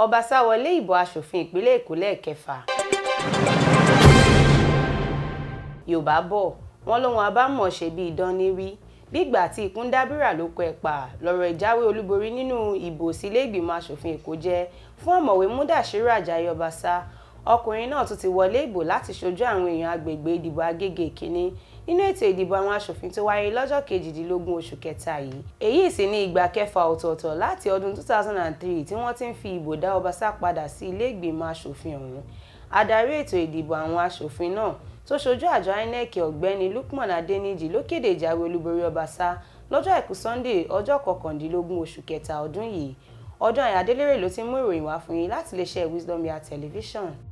ọba sá wọlé ìbò asòfin ìpínlẹ̀ èkó lẹ́ẹ̀kẹfà. yorùbá bọ̀ wọ́n lóhun abámọ̀ṣe bíi idán ní rí gbígbà tí ikún dábìrà ló kọ ẹ̀pà lọ́rọ̀ ìjáwé olúborí nínú ìbò sílé ìgbìmọ̀ asòfin èkó jẹ́ fún ọ̀mọ̀wé múdàṣírò àjàyí ọbaṣá ọkùnrin náà tún ti wọlé ìbò láti ṣojú àwọn èèyàn agbègbè ìdìbò Agége ìkíní nínú ètò ìdìbò àwọn aṣòfin tó wáyé lọ́jọ́ kejìdínlógún oṣù kẹta yìí èyí sì ní ìgbà kẹfà ọ̀tọ̀ọ̀tọ̀ láti ọdún 2003 tí wọ́n ti ń fi ìbò dá Ọbaṣá padà sí ilé ìgbìmọ̀ aṣòfin ọ̀hún adarí ètò ìdìbò àwọn aṣòfin náà tó ṣojú àjọ INEC ọ̀gbẹ́ni Lukman Adeniji ló kéde ìjáwé olúborí Ọbaṣá lọ́jọ́ àìkú Sunday ọjọ́ kọkàndínlógún oṣù kẹta ọdún yìí Ọdúnayọ̀ Adélérè ló ti mú ìròyìn wá fún yín láti iléeṣẹ́ Wisdom Yard Television.